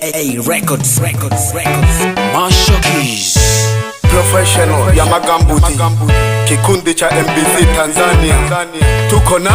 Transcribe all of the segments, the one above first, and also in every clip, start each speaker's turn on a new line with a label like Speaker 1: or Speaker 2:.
Speaker 1: Hey, Records, Records, Records. Mashokis. Professional Yamagambuti. magambuti kikundi cha MBC Tanzania, tuko na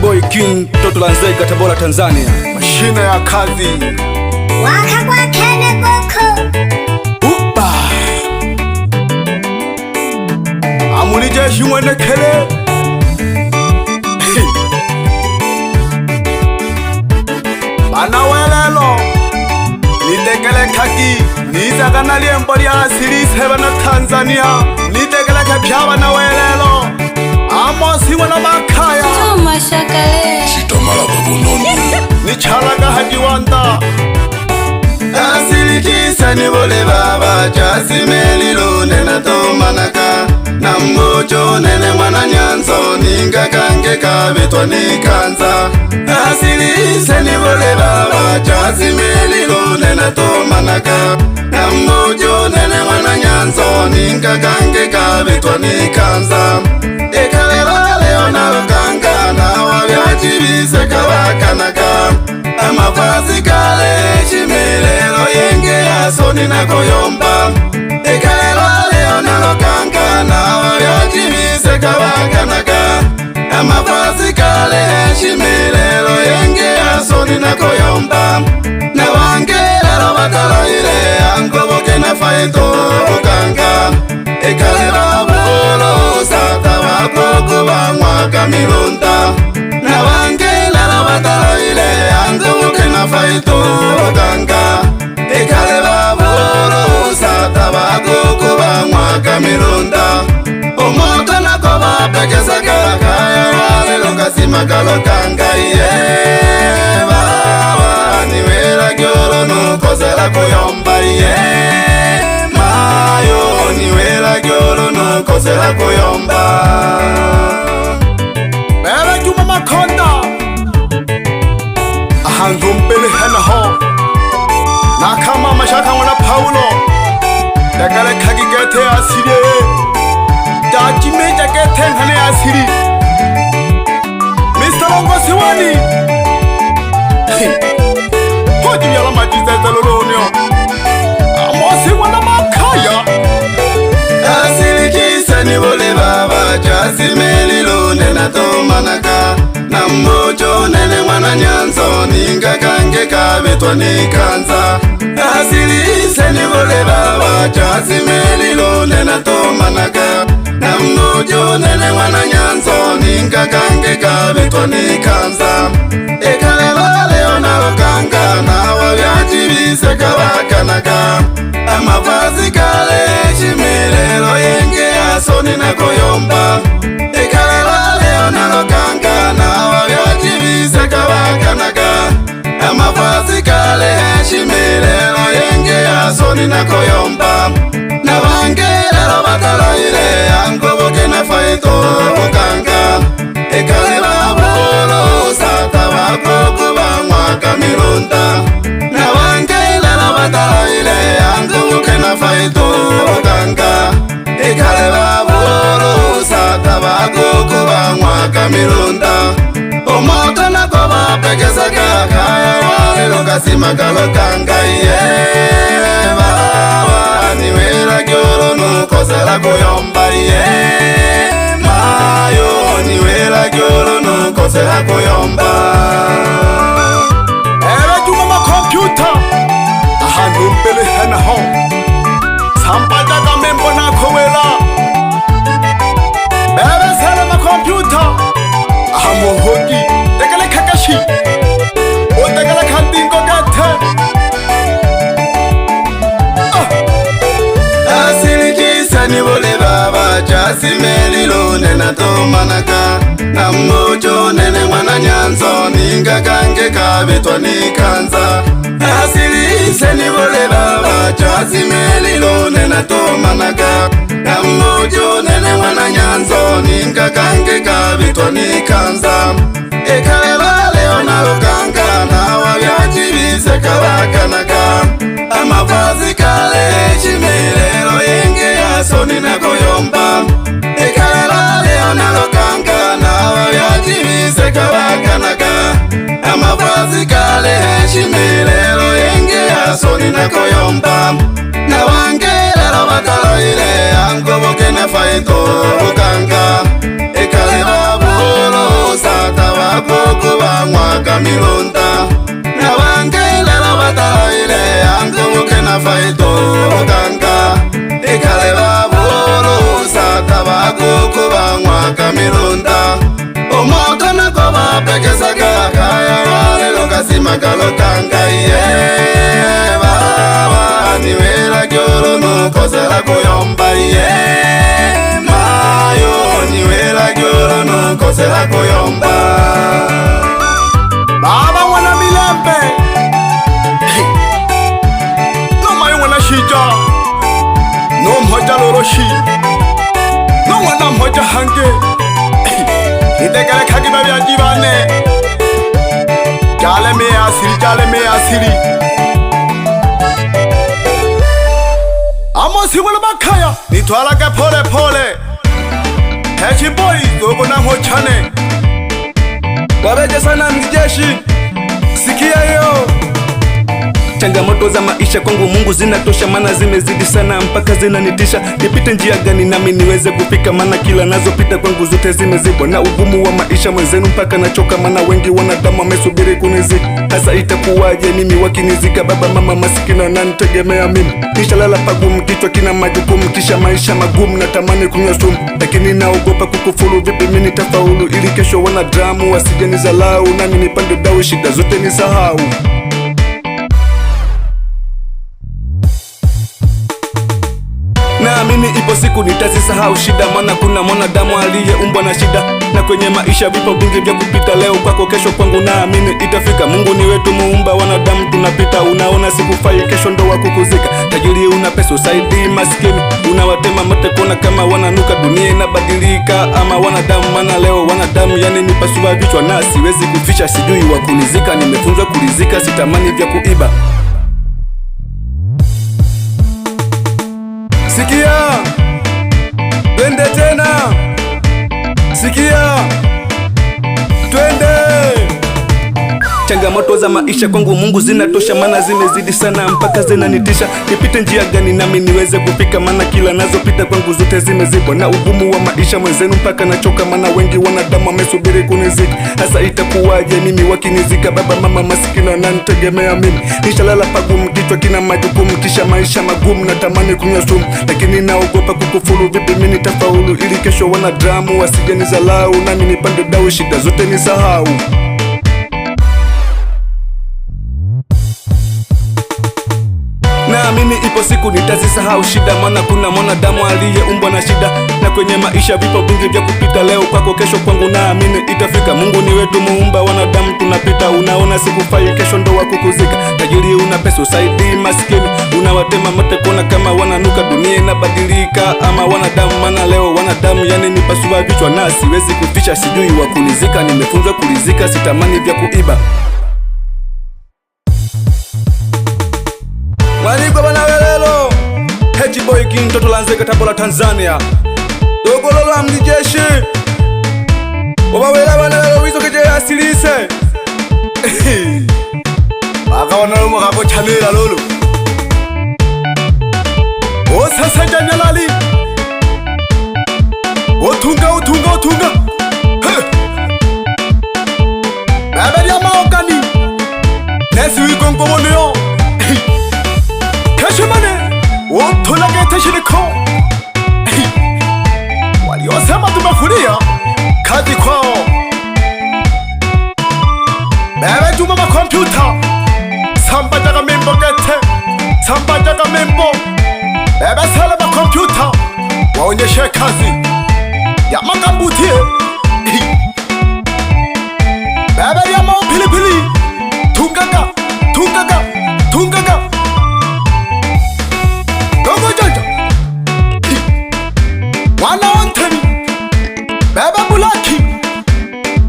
Speaker 1: Boy King Toto Lanzai, Nzega Tanzania, mashine ya kazi
Speaker 2: waka kwa kene
Speaker 1: boko upa amuli jeshi mwenekele na liembo lya siliseva na Tanzania lidegeleke vyava na welelo amosi wana
Speaker 2: makaya
Speaker 1: nicalaga hajiwanda
Speaker 3: asilikise nivole vava chasimeli lune natomanaka namujo nene mwana nyanzo ninga kange kabetwa nikanza asilise nivole baba jazimililo nena tomanaka namujo nene mwana nyanzo ninga kange kabetwa nikanza ekalera leo nalokanga nawa vyajivise kabakanaka amavazi kale shimilelo yenge yasoni nakoyomba omba ne wangelelo bakalayile angoboke ne fayito buganga ekaleba bulosata bakoko bang'waka milunda ne wangelelo bakalayile angoboke ne fayito buganga ekaleba bulosata bakoko bang'waka milunda omoto nakobapekesakelakaya yalelokasimagalokangaye yeah. yako yombaliye mayo niwelage olonokoze lako yomba
Speaker 1: bele juma makonda ahantu mbelihanaho nakama mashakanywa na paulo dagalekaga igete asiri dakimeja gete nkane asiri mr longosi wani majinyala majizeze lolonyo amosi wana makaya
Speaker 3: asilikisa ni vole vava jasimelilone natomanaka na mmojo nene mwana nyanzo ningakange kavetwa ni kanza asilise ni vole vava jasimelilone natomanaka na mmojo nene mwana nyanzo ningakange kavetwa ni kanza ekalelale abaganga ntawabyakirize kabakanaga amavazi galekimerero yenge yasoni nagoyomba ikararaleyo naloganga ntawabyakirize kabakanaga amavazi galekimerero yenge yasoni na nabangerero batalayire angoboke nafaito buganga lunda omota nako bapekesaka kaya walelo kasima kalokangaye bawa niwela gyolonu kosala kuyomba ye mayo niwela gyolonu kosala kuyomba kanaka na mmojo nene mwana nyanzo ninga kange kabetwa nikanza ni nibole baba chazi chazimelilo nena tomanaka na mmojo nene mwana nyanzo ninga kange kabetwa nikanza ekaleba leo nalokanga nawa byajibise kabakanaka nshime rero yenge yasoni nakoyomba nawange rero bakaloile angoboke nafaito bukanga ekale babolo sata bakoko bang'waka milonda nawange rero bataloile angoboke nafaito bukanga ekale babolo sata bakoko bang'waka milonda omwaka nako akasima kalotanga iye mawaniwela kyolo nokosela koyomba iye mayo niwela kyolo nokosela koyomba
Speaker 1: nongwana mmotja hanke itekele khaki babjaki bane জালে মেয়ে আসিরি জালে মেয়ে আসিরি আমার শিবল বাখায়া নিথলাকে ফলে ফলে হ্যাঁ বই তোর নাম হচ্ছে তবে যে সানাম নিজেছি
Speaker 4: Changamoto za maisha kwangu Mungu zinatosha, maana zimezidi sana mpaka zinanitisha. Nipite njia gani nami niweze kufika? Maana kila nazopita kwangu zote zimezibwa na ugumu wa maisha mwenzenu, mpaka nachoka, maana wengi wanadamu wamesubiri kunizika. hasa itakuwaje mimi wakinizika? Baba mama masikina wananitegemea mimi, nishalala pagumu, kichwa kina majukumu, kisha maisha magumu, natamani kunywa sumu, lakini naogopa kukufuru. Vipi mimi nitafaulu, ili kesho wanadamu wasijenizalau, nami nipande dau, shida zote nisahau. siku nitazisahau shida, maana kuna mwanadamu aliyeumbwa na shida, na kwenye maisha vipo vingi vya kupita. Leo kwako, kesho kwangu, naamini itafika. Mungu ni wetu muumba wanadamu, tunapita. Unaona siku sikufai, kesho ndo wakukuzika. Tajiri una pesa, usaidii maskini, unawatema mate kuona kama wananuka. Dunia inabadilika ama wanadamu, maana leo wanadamu yani nipasua vichwa, na siwezi kuficha, sijui wakunizika. Nimefunzwa kulizika, sitamani vya kuiba. kuongoza maisha kwangu Mungu zinatosha, maana zimezidi sana mpaka zinanitisha. Nipite njia gani nami niweze kufika? Maana kila nazopita kwangu zote zimezibwa na ugumu wa maisha mwenzenu, mpaka nachoka. Maana wengi wanadamu wamesubiri kunizika, sasa itakuwaje mimi wakinizika? Baba mama masikini wananitegemea mimi, nishalala pagumu, kichwa kina majukumu, kisha maisha magumu, natamani kunywa sumu, lakini naogopa kukufuru. Vipi mimi nitafaulu, ili kesho wanadamu wasije nizalau, nami nipande dau, shida zote nisahau. Ninaamini ipo siku nitazisahau shida, mana kuna mwanadamu aliyeumbwa na shida, na kwenye maisha vipo vingi vya kupita. Leo kwako, kesho kwangu, naamini itafika. Mungu ni wetu muumba wanadamu, tunapita. Unaona fai kesho ndo wakukuzika. Tajiri una pesa, usaidii maskini, unawatema mate kuona kama wananuka. Dunia inabadilika ama wanadamu, mana leo wanadamu yani nipasua vichwa, na siwezi kuficha, sijui wakunizika. Nimefunzwa kulizika, sitamani vya kuiba.
Speaker 1: Mwanigwa bana welelo Heti boy king mtoto lanzeka Tabora Tanzania Dogololo amdijeshi wela bana welelo wizo keje ya silise asilise Akawana lomo kako chalila lolo onyeshe kazi ya makambutie bebe ya mau pilipili tungaga tungaga tungaga dogo janja wana onteni bebe bulaki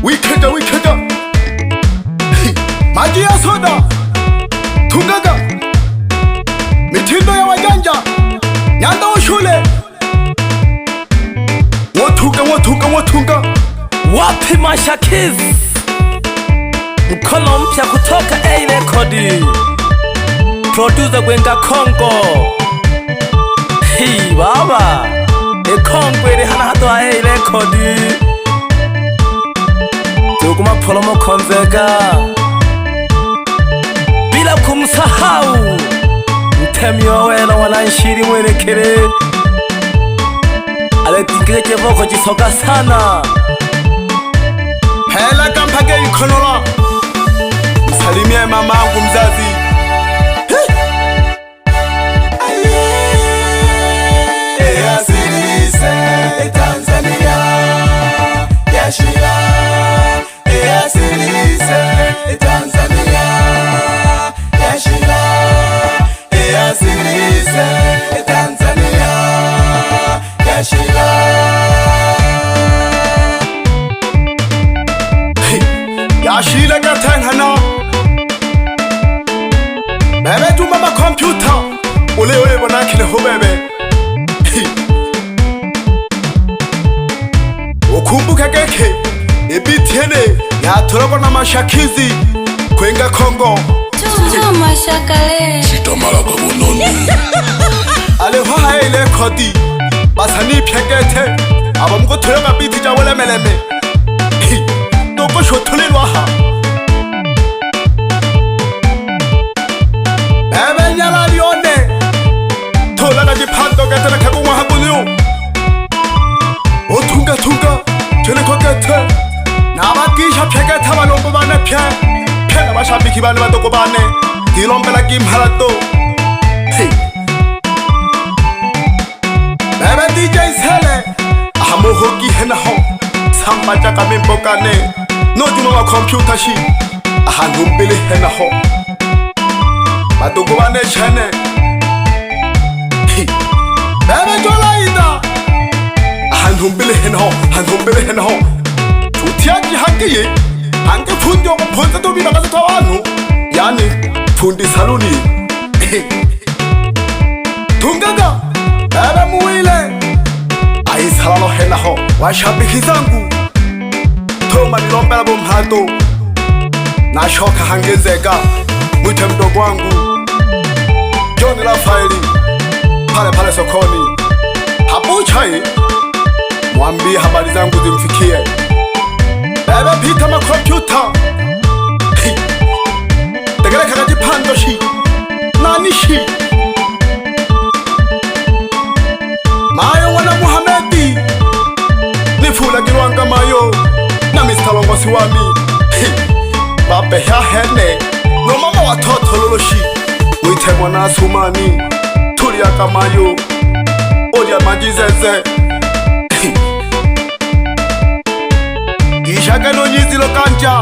Speaker 1: wikeja wikeja maji ya soda
Speaker 5: Timasha Kiss, mkono mpya kutoka A Record, producer Gwenga Kongo. Hii baba ekongwe rihana hado A Record tuguma polomo konzega bila kumsahau Mtemi Owelo wananshiri mwerekere, alegigije kivoko kisoga sana
Speaker 1: kagei konola, msalimie mamangu mzazi turangwa n'amashakizi kwenga kongo
Speaker 6: shitomaragwa bunoni
Speaker 1: aleho haile kodi basa n'ipyegete abamugo turanga biti ja bulemeleme nuko shoturirwa 이 파라또 Baby DJ Sele Amo hoki hena ho Samba chaka min bokane No juno wa computer shi Aha numbele hena ho Madogo wane chene Baby jola ida Aha numbele hena ho Aha numbele hena ho Tutiaji haki ye Hange funjo Ponsa tobi nakazo tawanu Yani Yani fundi saluni tungaga baba muwile aisalalohelaho washabiki zangu toma nilombela bomhado nashoka hangezega mwite mdogo wangu John Rafaeli pale pale sokoni habuchai mwambie habari zangu zimfikie bebe pita makompyuta 내가 가가지 반드시 나니시 mayo wana Muhamedi nifulagilwanga mayo na mistalongosi wami mapehahene no mama watotololoshi witemwa na sumani tuliaka mayo olya majizeze ishakano nyizilo kanja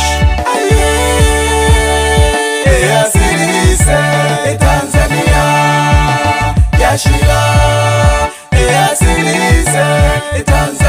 Speaker 3: shida, yasilize Tanzania.